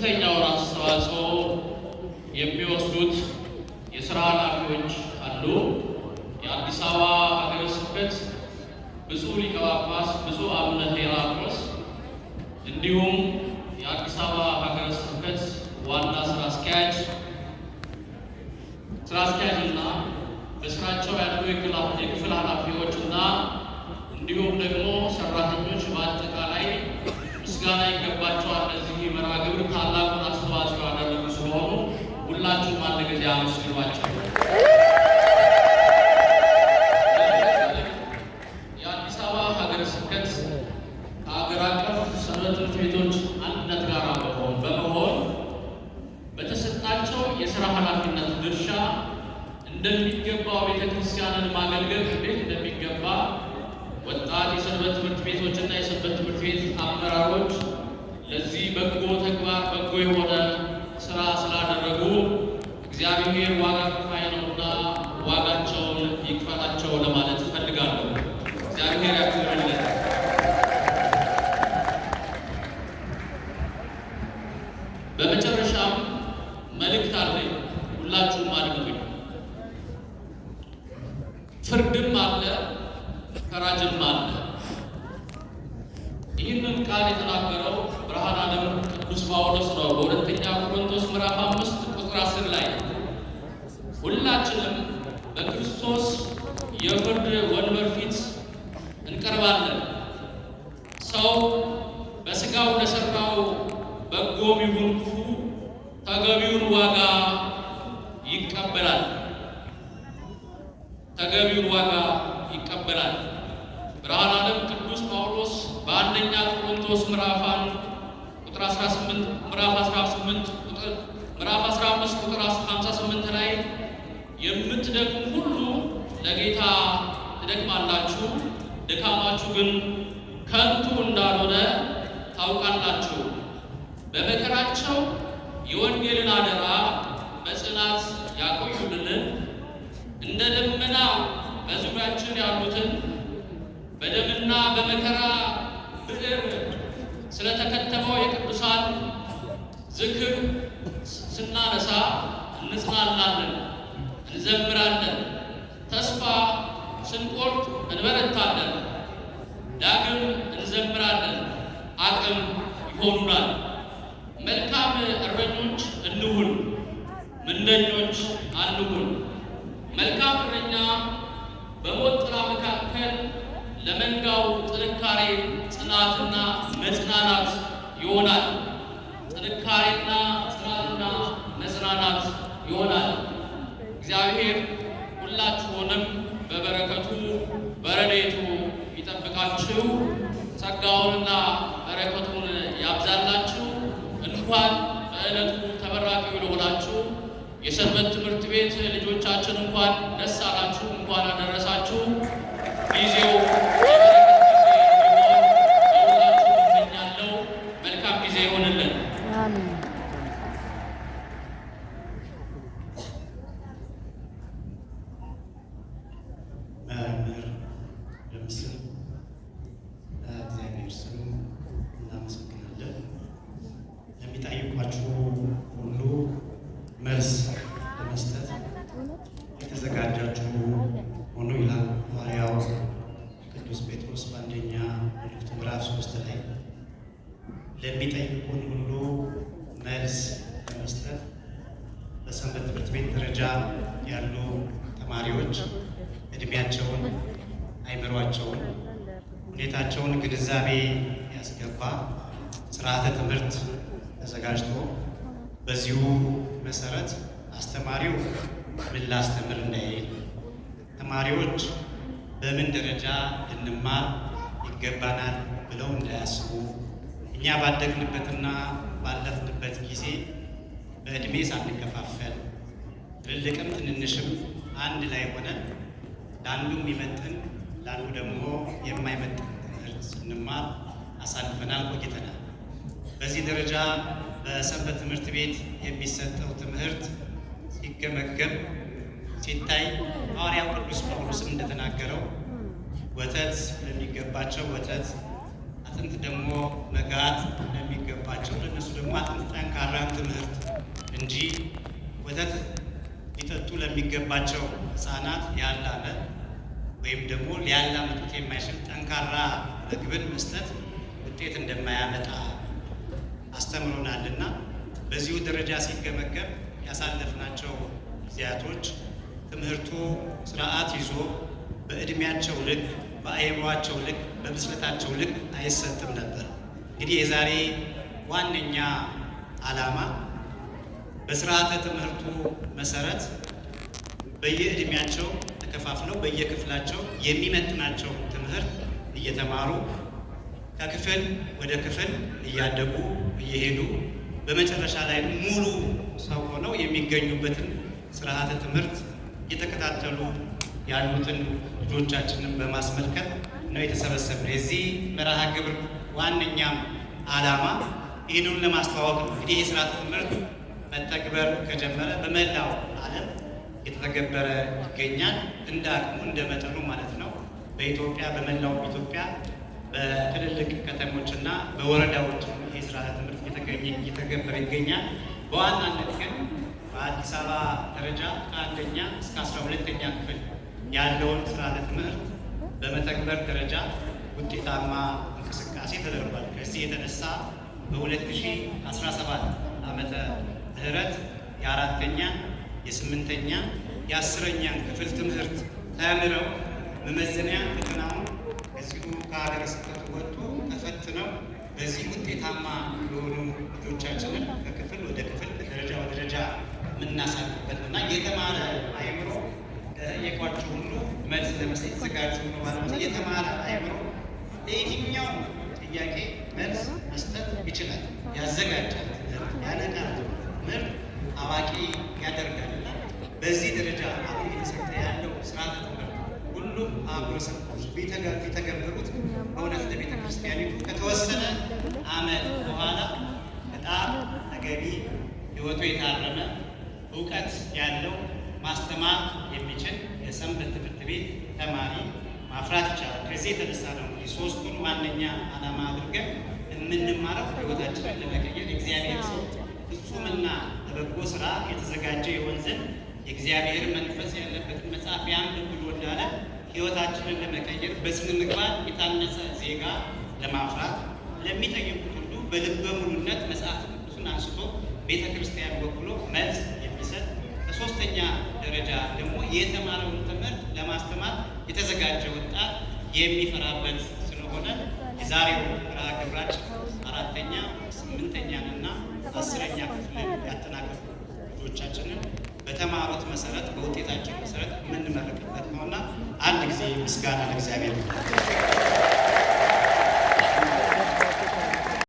ከፍተኛውን አስተዋጽኦ የሚወስዱት የስራ ኃላፊዎች አሉ። የአዲስ አበባ ሀገረ ስብከት ብፁዕ ሊቀ ጳጳስ ብፁዕ አቡነ ሄራክሮስ እንዲሁም የአዲስ አበባ ሀገረ ስብከት ዋና ስራ አስኪያጅ ስራ አስኪያጅ እና በስራቸው ያሉ የክፍል ኃላፊዎች እና እንዲሁም ደግሞ ስብከት ከሀገር አቀፍ ሰንበት ትምህርት ቤቶች አንድነት ጋር በመሆን በተሰጣቸው የስራ ኃላፊነት ድርሻ እንደሚገባው ቤተክርስቲያንን ክርስቲያንን ማገልገል እንዴት እንደሚገባ ወጣት የሰንበት ትምህርት ቤቶችና የሰንበት ትምህርት ቤት አመራሮች ለዚህ በጎ ተግባር በጎ የሆነ ስራ ስላደረጉ እግዚአብሔር ዋጋ ይህንን ቃል የተናገረው ብርሃን ዓለም ቅዱስ ጳውሎስ ነው። በሁለተኛ ቆሮንቶስ ምዕራፍ አምስት ቁጥር አስር ላይ ሁላችንም በክርስቶስ የፍርድ ወንበር ፊት እንቀርባለን። ሰው በስጋው ለሰራው በጎም ይሁን ክፉ ተገቢውን ዋጋ ይቀበላል። ተገቢውን ዋጋ ይቀበላል። ብርሃን ዓለም ቅዱስ ጳውሎስ በአንደኛ ቆሮንቶስ ምዕራፍ 1 ቁጥር 18 ምዕራፍ 18 ቁጥር ምዕራፍ 15 ቁጥር 58 ላይ የምትደክሙ ሁሉ ለጌታ ትደክማላችሁ፣ ድካማችሁ ግን ከንቱ እንዳልሆነ ታውቃላችሁ። በመከራቸው የወንጌልን አደራ በጽናት ያቆዩልን እንደ ደመና በዙሪያችን ያሉትን በደምና በመከራ ብዕር ስለተከተበው የቅዱሳን ዝክር ስናነሳ እንጽናናለን፣ እንዘምራለን። ተስፋ ስንቆርጥ እንበረታለን፣ ዳግም እንዘምራለን። አቅም ይሆኑናል። መልካም እረኞች እንሁን፣ ምንደኞች አንሁን። መልካም እረኛ በሞት ጥላ መካከል ለመንጋው ጥንካሬ ጽናትና መጽናናት ይሆናል። ጥንካሬና ጽናትና መጽናናት ይሆናል። እግዚአብሔር ሁላችሁንም በበረከቱ በረድኤቱ ይጠብቃችሁ፣ ጸጋውንና በረከቱን ያብዛላችሁ። እንኳን በዕለቱ ተመራቂ ለሆናችሁ የሰንበት ትምህርት ቤት ልጆቻችን እንኳን ደስ አላችሁ፣ እንኳን አደረሳችሁ ጊዜው መልስ ለመስጠት የተዘጋጃችሁ ሆኖ ይላል ሐዋርያው ቅዱስ ጴጥሮስ በአንደኛ መልእክቱ ምዕራፍ ሶስት ላይ ለሚጠይቁን ሁሉ መልስ ለመስጠት በሰንበት ትምህርት ቤት ደረጃ ያሉ ተማሪዎች እድሜያቸውን፣ አይምሯቸውን፣ ሁኔታቸውን ግንዛቤ ያስገባ ስርዓተ ትምህርት ተዘጋጅቶ በዚሁ መሰረት አስተማሪው ምን ላስተምር እንዳይል፣ ተማሪዎች በምን ደረጃ ልንማር ይገባናል ብለው እንዳያስቡ፣ እኛ ባደግንበትና ባለፍንበት ጊዜ በእድሜ ሳንከፋፈል ትልልቅም ትንንሽም አንድ ላይ ሆነ ለአንዱ የሚመጥን ለአንዱ ደግሞ የማይመጥን ትምህርት ስንማር አሳልፈናል ቆይተናል። በዚህ ደረጃ በሰንበት ትምህርት ቤት የሚሰጠው ትምህርት ሲገመገም ሲታይ ሐዋርያው ቅዱስ ጳውሎስም እንደተናገረው ወተት ለሚገባቸው ወተት፣ አጥንት ደግሞ መጋት ለሚገባቸው ለእነሱ ደግሞ አጥንት ጠንካራን ትምህርት እንጂ ወተት ሊጠጡ ለሚገባቸው ህፃናት ያላመ ወይም ደግሞ ሊያላምጡት የማይችል ጠንካራ ምግብን መስጠት ውጤት እንደማያመጣ አስተምሮናል እና በዚሁ ደረጃ ሲገመገም ያሳለፍናቸው ጊዜያቶች ትምህርቱ ስርዓት ይዞ በእድሜያቸው ልክ በአይምሯቸው ልክ በብስለታቸው ልክ አይሰጥም ነበር። እንግዲህ የዛሬ ዋነኛ ዓላማ በስርዓተ ትምህርቱ መሰረት በየእድሜያቸው ተከፋፍለው በየክፍላቸው የሚመጥናቸው ትምህርት እየተማሩ ከክፍል ወደ ክፍል እያደጉ እየሄዱ በመጨረሻ ላይ ሙሉ ሰው ሆነው የሚገኙበትን ስርዓተ ትምህርት እየተከታተሉ ያሉትን ልጆቻችንን በማስመልከት ነው የተሰበሰብነው። የዚህ መርሃ ግብር ዋነኛም ዓላማ ይህንን ለማስተዋወቅ ነው። እንግዲህ የስርዓተ ትምህርት መተግበር ከጀመረ በመላው ዓለም የተተገበረ ይገኛል። እንደ አቅሙ እንደ መጠኑ ማለት ነው። በኢትዮጵያ በመላው ኢትዮጵያ በትልልቅ ከተሞችና በወረዳዎች ይሄ ስርዓተ ትምህርት እየተገበረ ይገኛል። በዋናነት ግን በአዲስ አበባ ደረጃ ከአንደኛ እስከ አስራ ሁለተኛ ክፍል ያለውን ስርዓተ ትምህርት በመተግበር ደረጃ ውጤታማ እንቅስቃሴ ተደርጓል። ከዚህ የተነሳ በ2017 ዓመተ ምህረት የአራተኛ የስምንተኛ የአስረኛ ክፍል ትምህርት ተምረው መመዘኛ ፈተናውን ከሀገረ ስብከቱ ወጥቶ ተፈትነው በዚህ ውጤታማ የሆኑ ልጆቻችንን ከክፍል ወደ ክፍል ደረጃ ወደ ደረጃ የምናሳልፍበት እና የተማረ አይምሮ የቋቸው ሁሉ መልስ ለመስጠት የተዘጋጁ ነው ማለት ነው። የተማረ አይምሮ ለየትኛው ጥያቄ መልስ መስጠት ይችላል። ያዘጋጃል፣ ያነቃል፣ ምርት አዋቂ ያደርጋል እና በዚህ ደረጃ አሁን እየተሰጠ ያለው ስርዓተ ትምህርት ሁሉም አእምሮ ሰኮች የተገበሩት በእውነት ለቤተ ክርስቲያኒቱ ከተወሰነ ዓመት በኋላ በጣም ተገቢ ሕይወቱ የታረመ እውቀት ያለው ማስተማር የሚችል የሰንበት ትምህርት ቤት ተማሪ ማፍራት ይቻላል። ከዚህ የተነሳ ነው እንግዲህ ሶስቱን ዋነኛ ዓላማ አድርገን የምንማረው ሕይወታችንን ለመቀየር እግዚአብሔር ሰው ፍጹምና ለበጎ ስራ የተዘጋጀ የሆን ዘንድ የእግዚአብሔር መንፈስ ያለበትን መጽሐፍ ያንብብ ብሎ እንዳለ ህይወታችንን ለመቀየር በስነ ምግባር የታነጸ ዜጋ ለማፍራት ለሚጠይቁት ሁሉ በልበ ሙሉነት መጽሐፍ ቅዱስን አንስቶ ቤተ ክርስቲያን ወክሎ መልስ የሚሰጥ በሶስተኛ ደረጃ ደግሞ የተማረውን ትምህርት ለማስተማር የተዘጋጀ ወጣት የሚፈራበት ስለሆነ የዛሬው ራ ግብራችን አራተኛ ስምንተኛንና አስረኛ ክፍል ያጠናቀቁ ልጆቻችንን በተማሩት መሰረት በውጤታችን መሰረት የምንመረቅበት ነውና አንድ ጊዜ ምስጋና ለእግዚአብሔር